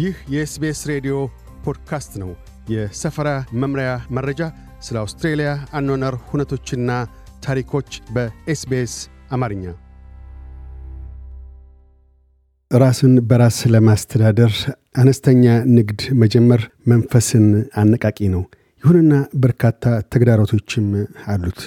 ይህ የኤስቤስ ሬዲዮ ፖድካስት ነው። የሰፈራ መምሪያ መረጃ፣ ስለ አውስትሬልያ አኗነር ሁነቶችና ታሪኮች በኤስቤስ አማርኛ። ራስን በራስ ለማስተዳደር አነስተኛ ንግድ መጀመር መንፈስን አነቃቂ ነው። ይሁንና በርካታ ተግዳሮቶችም አሉት።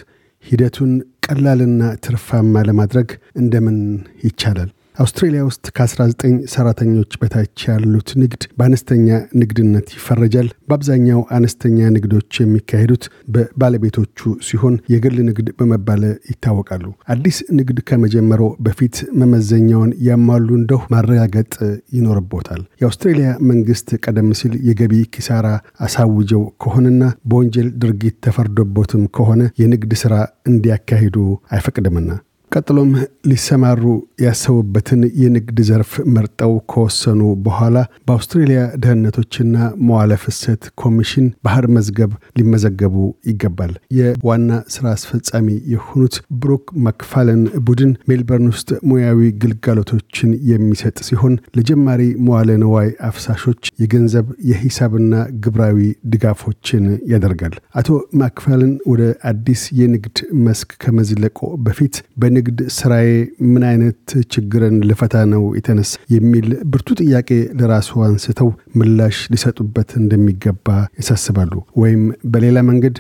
ሂደቱን ቀላልና ትርፋማ ለማድረግ እንደምን ይቻላል? አውስትሬሊያ ውስጥ ከ19 ሰራተኞች በታች ያሉት ንግድ በአነስተኛ ንግድነት ይፈረጃል። በአብዛኛው አነስተኛ ንግዶች የሚካሄዱት በባለቤቶቹ ሲሆን የግል ንግድ በመባል ይታወቃሉ። አዲስ ንግድ ከመጀመሩ በፊት መመዘኛውን ያሟሉ እንደሁ ማረጋገጥ ይኖርቦታል። የአውስትሬሊያ መንግስት ቀደም ሲል የገቢ ኪሳራ አሳውጀው ከሆነና በወንጀል ድርጊት ተፈርዶቦትም ከሆነ የንግድ ሥራ እንዲያካሂዱ አይፈቅድምና ቀጥሎም ሊሰማሩ ያሰቡበትን የንግድ ዘርፍ መርጠው ከወሰኑ በኋላ በአውስትሬልያ ደህንነቶችና መዋለ ፍሰት ኮሚሽን ባህር መዝገብ ሊመዘገቡ ይገባል። የዋና ስራ አስፈጻሚ የሆኑት ብሩክ መክፋለን ቡድን ሜልበርን ውስጥ ሙያዊ ግልጋሎቶችን የሚሰጥ ሲሆን ለጀማሪ መዋለ ንዋይ አፍሳሾች የገንዘብ የሂሳብና ግብራዊ ድጋፎችን ያደርጋል። አቶ ማክፋለን ወደ አዲስ የንግድ መስክ ከመዝለቆ በፊት በንግድ ንግድ ስራዬ ምን አይነት ችግርን ልፈታ ነው የተነሳ የሚል ብርቱ ጥያቄ ለራሱ አንስተው ምላሽ ሊሰጡበት እንደሚገባ ያሳስባሉ። ወይም በሌላ መንገድ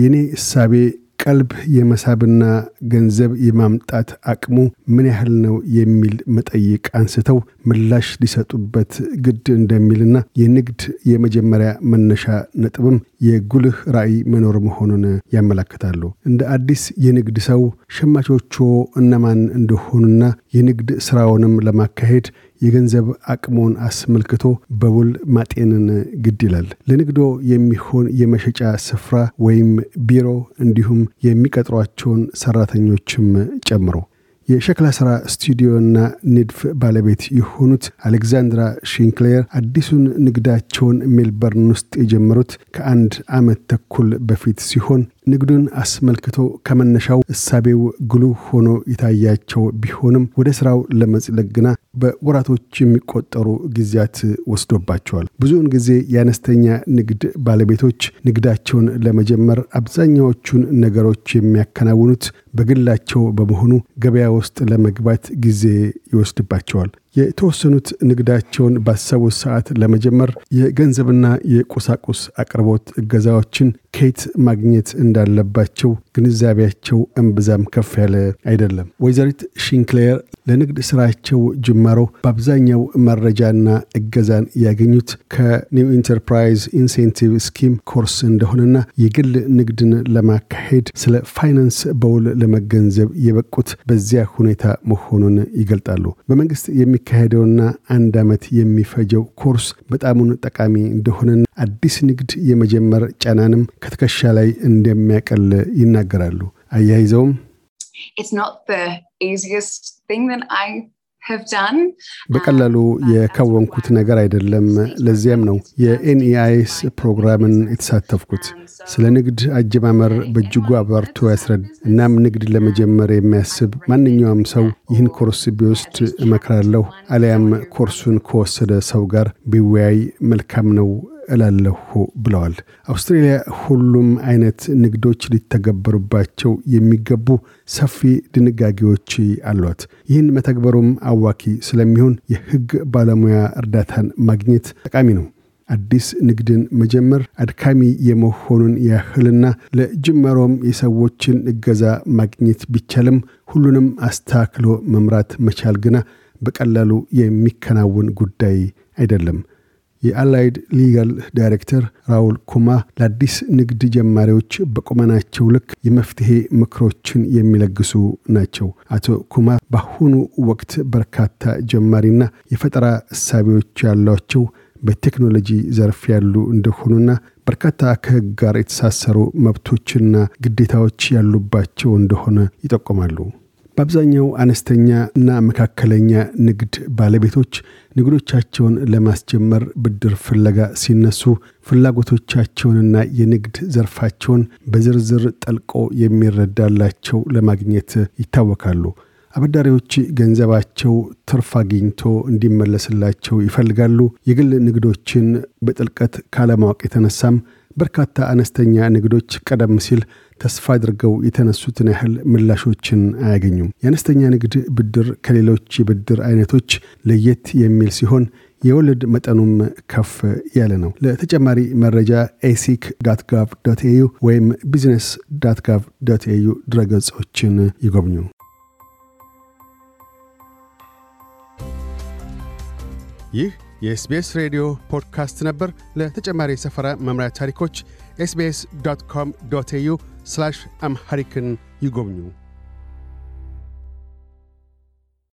የእኔ እሳቤ ቀልብ የመሳብና ገንዘብ የማምጣት አቅሙ ምን ያህል ነው የሚል መጠይቅ አንስተው ምላሽ ሊሰጡበት ግድ እንደሚልና የንግድ የመጀመሪያ መነሻ ነጥብም የጉልህ ራዕይ መኖር መሆኑን ያመላክታሉ። እንደ አዲስ የንግድ ሰው ሸማቾቹ እነማን እንደሆኑና የንግድ ስራውንም ለማካሄድ የገንዘብ አቅሞን አስመልክቶ በውል ማጤንን ግድ ይላል። ለንግዶ የሚሆን የመሸጫ ስፍራ ወይም ቢሮ እንዲሁም የሚቀጥሯቸውን ሰራተኞችም ጨምሮ የሸክላ ስራ ስቱዲዮና ንድፍ ባለቤት የሆኑት አሌክዛንድራ ሽንክሌር አዲሱን ንግዳቸውን ሜልበርን ውስጥ የጀመሩት ከአንድ ዓመት ተኩል በፊት ሲሆን ንግዱን አስመልክቶ ከመነሻው እሳቤው ግሉ ሆኖ የታያቸው ቢሆንም ወደ ስራው ለመጽለግ በወራቶች የሚቆጠሩ ጊዜያት ወስዶባቸዋል። ብዙውን ጊዜ የአነስተኛ ንግድ ባለቤቶች ንግዳቸውን ለመጀመር አብዛኛዎቹን ነገሮች የሚያከናውኑት በግላቸው በመሆኑ ገበያ ውስጥ ለመግባት ጊዜ ይወስድባቸዋል። የተወሰኑት ንግዳቸውን ባሰቡት ሰዓት ለመጀመር የገንዘብና የቁሳቁስ አቅርቦት እገዛዎችን ከየት ማግኘት እንዳለባቸው ግንዛቤያቸው እምብዛም ከፍ ያለ አይደለም። ወይዘሪት ሽንክሌር ለንግድ ስራቸው ጅማሮ በአብዛኛው መረጃና እገዛን ያገኙት ከኒው ኢንተርፕራይዝ ኢንሴንቲቭ ስኪም ኮርስ እንደሆነና የግል ንግድን ለማካሄድ ስለ ፋይናንስ በውል ለመገንዘብ የበቁት በዚያ ሁኔታ መሆኑን ይገልጣሉ። በመንግስት የሚካሄደውና አንድ ዓመት የሚፈጀው ኮርስ በጣሙን ጠቃሚ እንደሆነና አዲስ ንግድ የመጀመር ጫናንም ከትከሻ ላይ እንደሚያቀል ይናገራሉ። አያይዘውም በቀላሉ um, የከወንኩት ነገር አይደለም። ለዚያም ነው የኤንኢአይስ ፕሮግራምን um, የተሳተፍኩት። ስለ ንግድ አጀማመር በእጅጉ አብራርቶ ያስረድ። እናም ንግድ ለመጀመር የሚያስብ ማንኛውም ሰው ይህን ኮርስ ቢወስድ እመክራለሁ። አሊያም ኮርሱን ከወሰደ ሰው ጋር ቢወያይ መልካም ነው እላለሁ ብለዋል። አውስትሬልያ ሁሉም አይነት ንግዶች ሊተገበሩባቸው የሚገቡ ሰፊ ድንጋጌዎች አሏት። ይህን መተግበሩም አዋኪ ስለሚሆን የህግ ባለሙያ እርዳታን ማግኘት ጠቃሚ ነው። አዲስ ንግድን መጀመር አድካሚ የመሆኑን ያህልና ለጅመሮም የሰዎችን እገዛ ማግኘት ቢቻልም ሁሉንም አስተካክሎ መምራት መቻል ግና በቀላሉ የሚከናውን ጉዳይ አይደለም። የአላይድ ሊጋል ዳይሬክተር ራውል ኩማ ለአዲስ ንግድ ጀማሪዎች በቁመናቸው ልክ የመፍትሄ ምክሮችን የሚለግሱ ናቸው። አቶ ኩማ በአሁኑ ወቅት በርካታ ጀማሪና የፈጠራ እሳቢዎች ያሏቸው በቴክኖሎጂ ዘርፍ ያሉ እንደሆኑና በርካታ ከህግ ጋር የተሳሰሩ መብቶችና ግዴታዎች ያሉባቸው እንደሆነ ይጠቁማሉ። በአብዛኛው አነስተኛ እና መካከለኛ ንግድ ባለቤቶች ንግዶቻቸውን ለማስጀመር ብድር ፍለጋ ሲነሱ ፍላጎቶቻቸውንና የንግድ ዘርፋቸውን በዝርዝር ጠልቆ የሚረዳላቸው ለማግኘት ይታወቃሉ። አበዳሪዎች ገንዘባቸው ትርፍ አግኝቶ እንዲመለስላቸው ይፈልጋሉ። የግል ንግዶችን በጥልቀት ካለማወቅ የተነሳም በርካታ አነስተኛ ንግዶች ቀደም ሲል ተስፋ አድርገው የተነሱትን ያህል ምላሾችን አያገኙም። የአነስተኛ ንግድ ብድር ከሌሎች የብድር አይነቶች ለየት የሚል ሲሆን የወለድ መጠኑም ከፍ ያለ ነው። ለተጨማሪ መረጃ ኤሲክ ዳት ጋቭ ዶት ኤዩ ወይም ቢዝነስ ዳት ጋቭ ዶት ኤዩ ድረገጾችን ይጎብኙ። ይህ የኤስቢኤስ ሬዲዮ ፖድካስት ነበር። ለተጨማሪ የሰፈራ መምሪያ ታሪኮች ኤስቢኤስ ዶት ኮም ዶት ኤዩ ስላሽ አምሐሪክን ይጎብኙ።